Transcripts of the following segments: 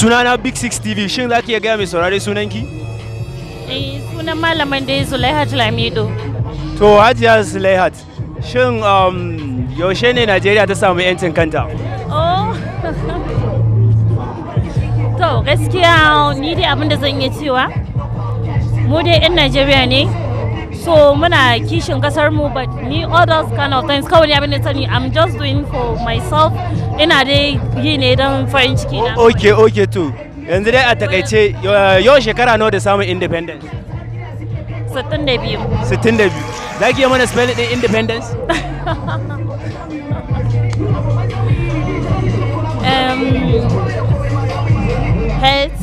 sunana big six tv shin za ki iya gaya mai saurare sunanki eh sunan malaman dai zulaihat lamido to hajiya zulaihat shin um, yaushe ne najeriya ta samu yancin kanta oh to gaskiya ni dai abinda zan iya cewa mu dai 'yan najeriya ne so muna kishin kasar mu but ni all those kind of things kawai abin da sani i'm just doing for myself ina dai yi ne don um, farin ciki na okay okay to yanzu dai a takaice yau shekara nawa da samun independence 62 62 zaki yi mana spelling din independence um, health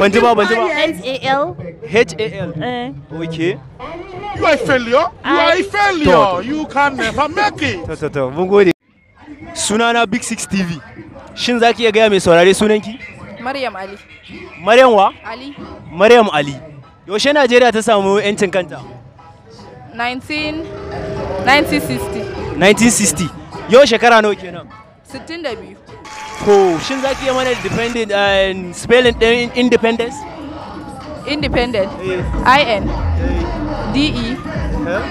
ban ji ba ban ji ba H-A-L H-A-L eh. okay you are a failure you are a failure you can never make it to to to mun gode na Big Six TV shin za ki iya gaya mai saurare ki Maryam Ali Maryam wa Ali Maryam Ali yaushe Najeriya ta samu 'yancin kanta 1960 1960 yau shekara nawa kenan 62 to shin za ki iya mana and eh, spelling ɗin independence independent eh. i n d e eh?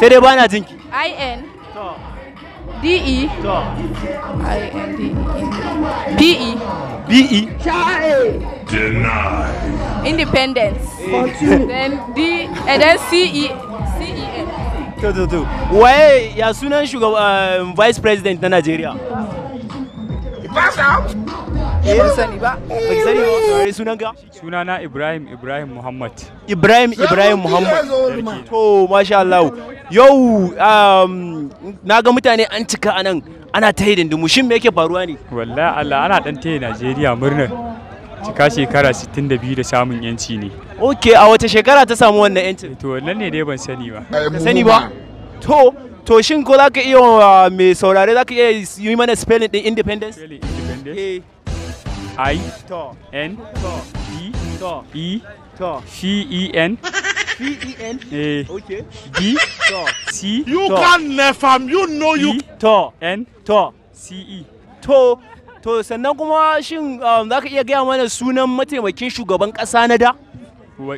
sai dai bana jinki i n d e i n d e p e b e deny independence then d and then c e c e n to to to waye ya sunan shugaban vice president na Nigeria. Eh, ba ban sani ba ba eh, ki eh, sani ba saurare sunan ka sunana Ibrahim Ibrahim Muhammad Ibrahim Ibrahim Muhammad to masha Allah yau um, na ga mutane an cika anan ana ta yi dindimu shin me yake faruwa ne wallahi Allah ana dan ta Najeriya murnar cika shekara 62 da samun yanci ne ok a wace shekara ta samu wannan yancin to nan ne dai ban sani ba sani ba to to shin ko za ka iya wa mai saurare za ka iya yi mana spelling din independence independence a eh. i to n to e to e to c e n C. e n Eh. Okay. D. To. C. You to. can never You know you. E. To. N. To. C-E. To. To sannan kuma shin um, za ka iya gaya mana sunan mataimakin shugaban ƙasa na da?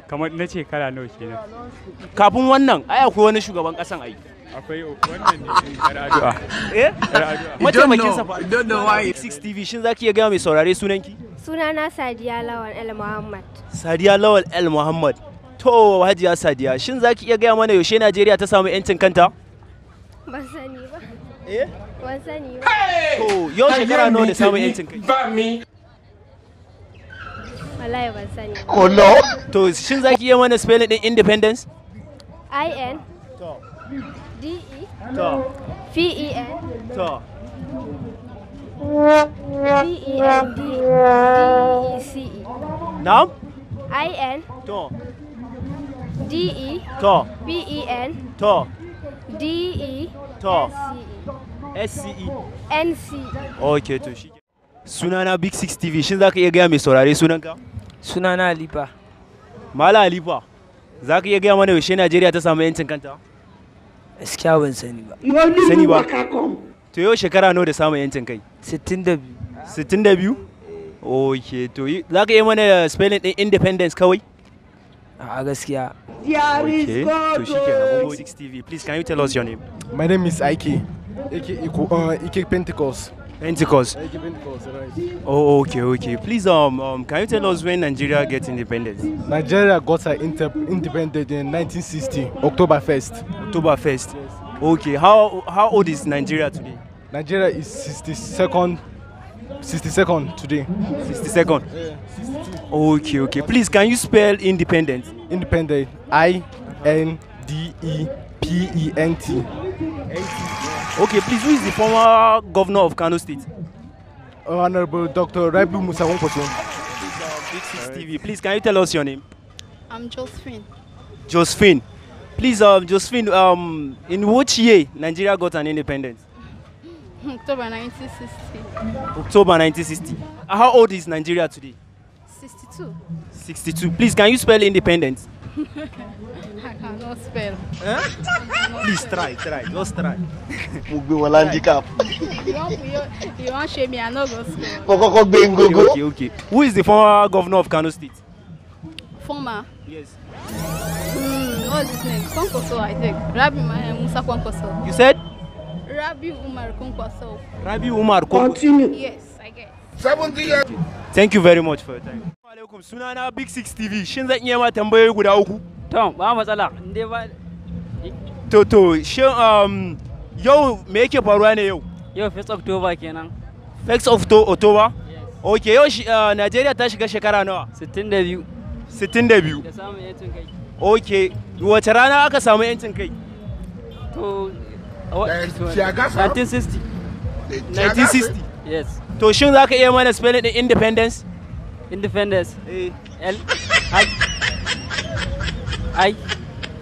Kamar na ce kala nawa kenan. Kafin wannan, ai akwai wani shugaban ƙasan ai. akwai wannan ne yar addu'a ah. eh mataimakin I fa don't know why 6 TV shin zaki iya gaya mai saurare sunanki sunana Sadiya Lawal El Muhammad Sadiya Lawal El Muhammad to Hajiya Sadiya shin zaki iya gaya mana yaushe Najeriya ta samu yancin kanta ban sani ba eh ban sani ba to yau shekara nawa da samun yancin kai ba mi wallahi ban sani oh no to shin zaki iya mana spelling din independence I N D E Ta F E N Ta V E N D E, e C E Naam I N Ta e e D E Ta B E N Ta D E Ta S C E N C E Okay to shi Sunana Big Six TV shin zaka iya gaya mai saurare sunanka? Sunana Alifa. Mala Alifa. Zaka iya gaya mana yaushe Najeriya ta samu 'yancin kanta? gaskiya sani ba sani ba to yau shekara nawa da samun yancin kai 62 62 ok to za ka yi mana spelling din independence kawai a gaskiya okay to shi ke na TV please can you tell us your name my name is Ike, uh, Pentecost Pentecost. Pentecost, right. Oh, okay, okay. Please, um, um, can you tell us when Nigeria gets independence? Nigeria got her inter independence in 1960, October 1st. October 1st. Yes. Okay. How how old is Nigeria today? Nigeria is 62nd 62nd today. 62nd? Yeah, 62. Okay, okay. Please, can you spell independent? Independent. I N D E P E N T. N-T. E Okay, please, who is the former governor of Kano State? Honorable Dr. Raibu Musa Wongposon. Big Six TV. Please, can you tell us your name? I'm Josephine. Josephine. Please, um, Josephine, um, in which year Nigeria got an independence? October 1960. October 1960. How old is Nigeria today? 62. 62. Please, can you spell independence? no spell. Eh? Please try, try, just try. Mo gbé wọn handicap. You wan shame me, I no go spell. Mo kọ́kọ́ gbé ngogo. Who is the former governor of Kano State? Former? Yes. Mm, what's his name? Konkoso, I think. Rabi eh, Musa Konkoso. You said? Rabbi Umar Konkoso. Rabbi Umar Konkoso. Continue. Yes, I guess. 70 years. Thank you very much for your time. alaikum sunana Big Six TV shin zan iya ma tambayoyi guda uku? To ba matsala in ba To to shin um, yau me yake faruwa ne yau? Yau First October kenan. First of October? ok Okay yau uh, ta shiga shekara nawa? 62. 62. Da samun yancin kai. Okay wace rana aka samu yancin kai? To 1960. 1960. Yes. To shin za ka iya mana spelling din independence? independence el eh. ai ai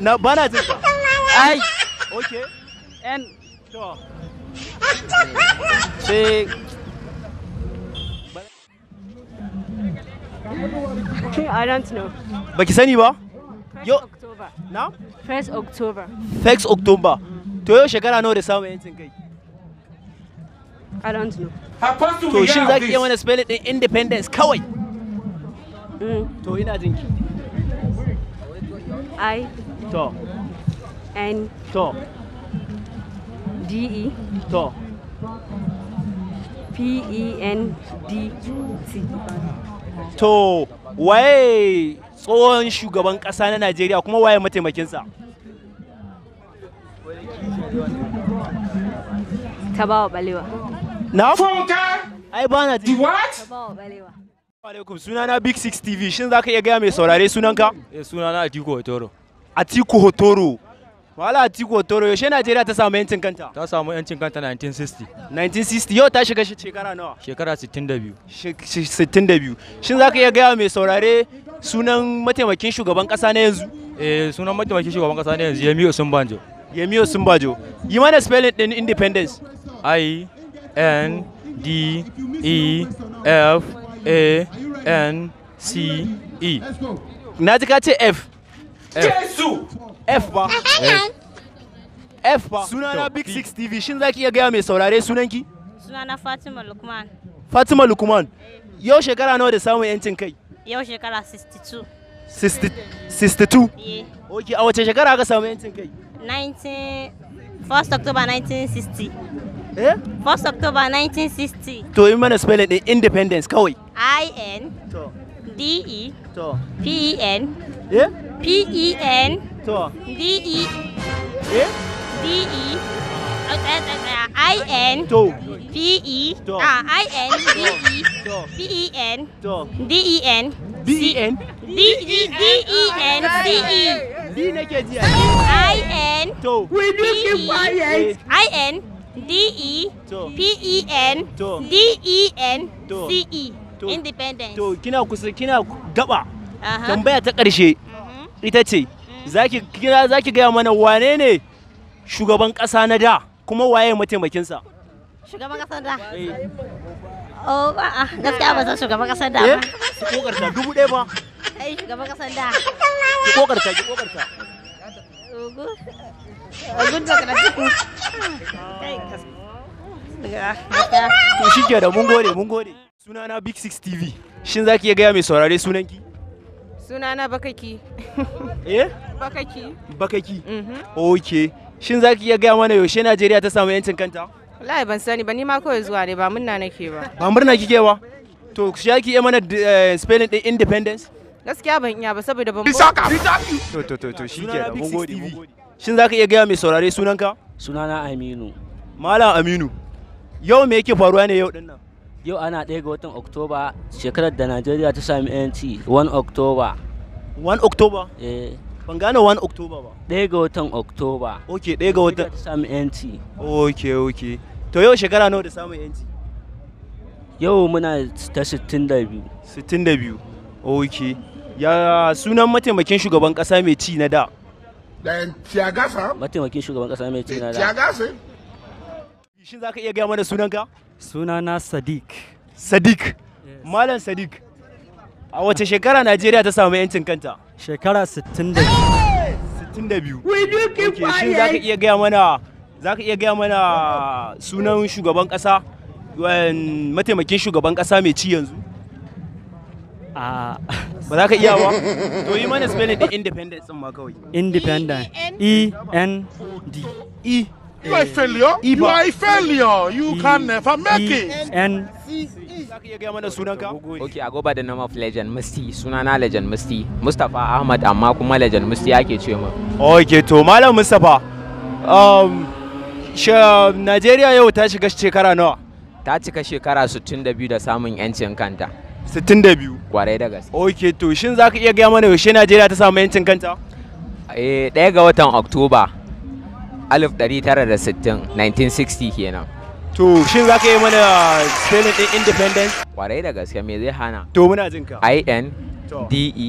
na bana ta ka ai okay and to sai I don't know. Baki sani ba? Yo. October. Na? First October. First October. To yau shekara nawa da samun yancin kai? I don't know. To shin za ki iya mana it in independence kawai? Mm. to ina jinki i to n to d e to p e n d t to waye tsohon shugaban kasa na najeriya kuma waye mataimakinsa tabawa balewa na funka ai bana ji what tabawa balewa alaikum sunana big six tv shin za ka iya gaya mai saurare sunanka eh sunana atiku hotoro atiku hotoro wala atiku hotoro yaushe najeriya ta samu yancin kanta ta samu yancin kanta 1960 1960 yau ta shiga shekara nawa shekara 62 62 shin za ka iya gaya mai saurare sunan mataimakin shugaban kasa na yanzu eh sunan mataimakin shugaban kasa na yanzu yemi osunbanjo yemi osunbanjo yi mana spelling din independence i n d e f A N C E. Na ji ka ce F. Jesu! F ba. F ba. Sunana Big Six TV. Shin za ki iya gaya mai saurare sunanki? Sunana Fatima Lukman. Fatima Lukman. Yau shekara nawa da samun yancin kai? Yau shekara 62. 62? Yeah. Ok, a wace shekara aka samu yancin kai? 19... 1st October 1960. Eh? 1st October 1960. To yi spell it, the independence kawai. I N to D E to P E N Yeah. P E N to D E Yeah. D E I N to P E To. ah I N D E to P E N to D E N D E N D E D E N D E D nake ji to we do keep quiet I N D E P E N D E N C E independence to kina kusa kina gaba tambaya ta ƙarshe mm-hmm. ita ce mm-hmm. zaki kira zaki gaya mana wane ne shugaban ƙasa na da kuma waye mataimakinsa shugaban ƙasa da Oh, eh. a'a ah, gaskiya ba san shugaban ƙasar da eh? ba. Ki kokarta dubu ɗaya ba. Ai shugaban ƙasar da. Ki kokarta ki kokarta. Ogo. Ogo da karatu. To shi ke da mun gode mun gode. Sunana Big Six TV. Shin za ki iya gaya mai saurare sunanki? Sunana Bakaki. Eh? Bakaki. Bakaki. Mhm. Okay. Shin za ki iya gaya mana yaushe Najeriya ta samu 'yancin kanta? Wallahi ban sani ba ni ma kawai zuwa ne ba murna nake ba. Ba murna kike ba? To shi ake iya mana eh, spelling din independence? gaskiya ban iya ba saboda ban saka to to to to da, mun gode mun gode shin zaka iya gaya mai saurare sunanka sunana Aminu Malam Aminu yau me yake faruwa ne yau dinnan yau ana ɗaya ga watan Oktoba shekarar da Najeriya ta sami yanci 1 Oktoba 1 Oktoba eh ban gane 1 Oktoba ba ɗaya ga watan Oktoba okay ɗaya ga watan ta sami yanci okay okay to yau shekara nawa da samun yanci yau muna ta 62 62 okay ya sunan mataimakin shugaban kasa mai ci na da mataimakin shugaban kasa mai ci na da Shin za ka iya gaya mana sunanka sunana sadiq sadiq malam sadiq a wace shekara najeriya ta samu yancin kanta shekara 62 62 shin zaka iya gaya mana ka iya gaya mana sunan shugaban kasa mataimakin shugaban kasa mai ci yanzu a ba za ka iya ba to yi mana spelling din independent din ma kawai independent e n d e, e You are a failure. E you are a failure. You e can never make it. N Ok, a go the name of Legend Musti. Sunana Legend Musti. Mustapha Ahmad amma kuma Legend Musti ake ce mu. Okay, to Malam Mustapha. Um, Najeriya yau ta shiga shekara nawa? Ta cika shekara 62 da samun 'yancin kanta. 62 kwarai da gaske Okay, to shin za ka iya gaya mana yaushe najeriya ta samu yancin kanta eh ɗaya ga watan oktoba 1960 1960 kenan to shin za ka yi mana spelling ɗin independence kwarai da gaske me zai hana to muna jin ka i n d e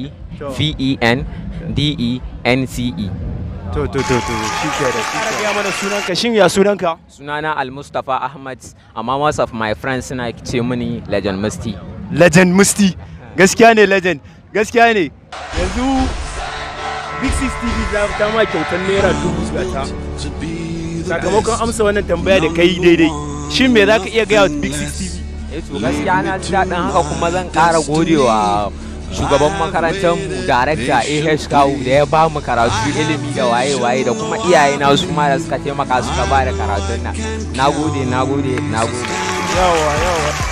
v e n d e n c e to to to to shi ke da shi ke ya mana sunanka shin ya sunanka sunana al-mustafa ahmad amma most of my friends suna ce mini legend musti legend musti gaskiya ne legend gaskiya ne yanzu big six tv ta ma kyautar naira dubu ta sakamakon amsa wannan tambaya da kai daidai shin me za ka iya gaya wa big six tv eh to gaskiya na ji daɗin haka kuma zan ƙara godewa shugaban makarantar mu darakta ah kawu da ya ba mu karatu ilimi da waye-waye da kuma iyaye na su ma da suka taimaka suka ba da karatun nan na gode na gode na gode yawa yawa